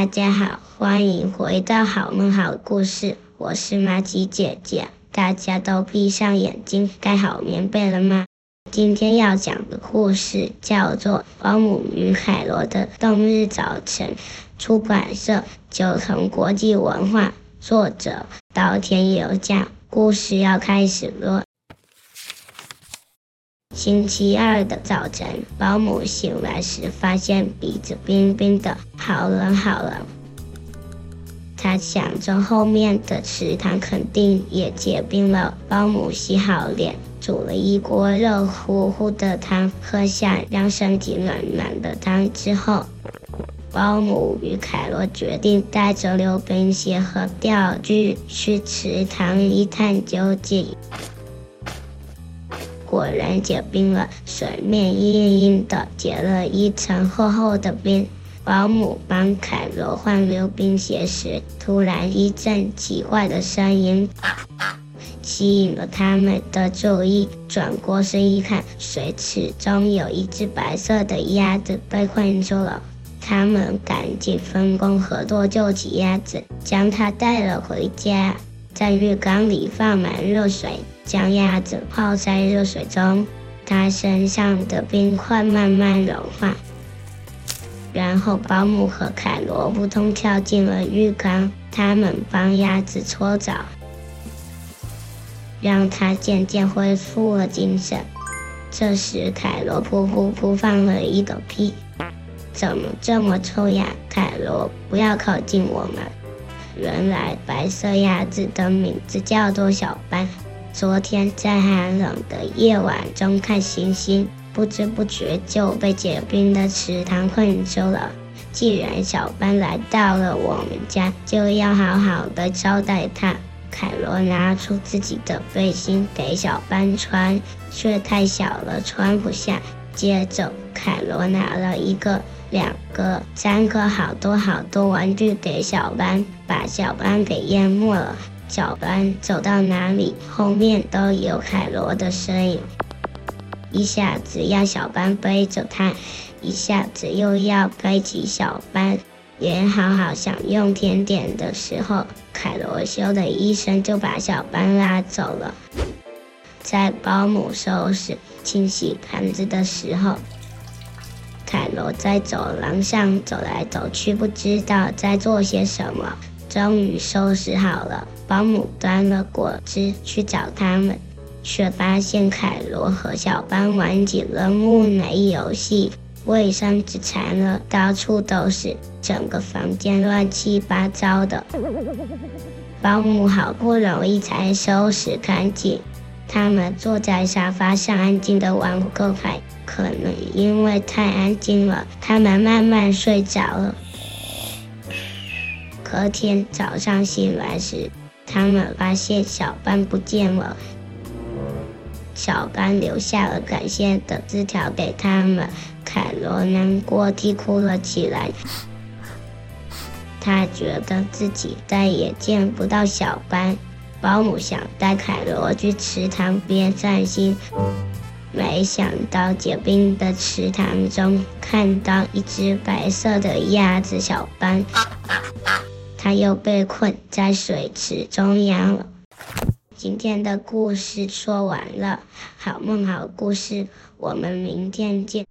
大家好，歡迎回到好夢好故事，我是瑪吉姐姐。大家都閉上眼睛，蓋好棉被了嗎？今天要講的故事叫做《包姆與凱羅的冬日早晨》，出版社：九童國際文化，作者：島田由佳。故事要開始了。星期二的早晨，包姆醒來時發現鼻子冰冰的，好冷好冷。他想着後面的池塘肯定也結冰了。包姆洗好臉，煮了一鍋熱乎乎的湯，喝下讓身體暖暖的湯之後，包姆與凱羅決定帶着溜冰鞋和釣具去池塘一探究竟。果然結冰了，水面硬硬的，結了一層厚厚的冰。包姆幫凱羅換溜冰鞋時，突然一陣奇怪的聲音吸引了他們的注意。轉過身一看，水池中有一隻白色的鴨子被困住了。他們趕緊分工合作救起鴨子，將它帶了回家。在浴缸裡放滿熱水，將鴨子泡在熱水中，它身上的冰塊慢慢融化。然後包姆和凱羅撲通跳進了浴缸，他們幫鴨子搓澡，讓它漸漸恢復了精神。這時凱羅噗噗噗放了一個屁，怎麼這麼臭呀？凱羅，不要靠近我們。原來白色鴨子的名字叫做小班。昨天在寒冷的夜晚中看星星，不知不覺就被結冰的池塘困住了。既然小班來到了我們家，就要好好的招待他。凱羅拿出自己的背心給小班穿，卻太小了，穿不下。接着，凱羅拿了一個兩。三個好多好多玩具給小班，把小班給淹沒了。小班走到哪裡，後面都有凱羅的身影。一下子要小班背着他，一下子又要背起小班。連好好享用甜點的時候，凱羅咻的一聲就把小班拉走了。在包姆收拾清洗盤子的時候，凱羅在走廊上走來走去，不知道在做些什麼。終於收拾好了，包姆端了果汁去找他們，卻發現凱羅和小班玩起了木乃伊遊戲，衛生紙纏了到處都是，整個房間亂七八糟的。包姆好不容易才收拾乾淨。他們坐在沙發上，安靜的玩撲克牌。可能因為太安靜了，他們慢慢睡着了。隔天早上醒來時，他們發現小班不見了。小班留下了感謝的字條給他們，凱羅難過地哭了起來。他覺得自己再也見不到小班。包姆想帶凱羅去池塘邊散心，沒想到結冰的池塘中看到一隻白色的鴨子小班，它又被困在水池中央了。今天的故事說完了，好夢好故事，我們明天見。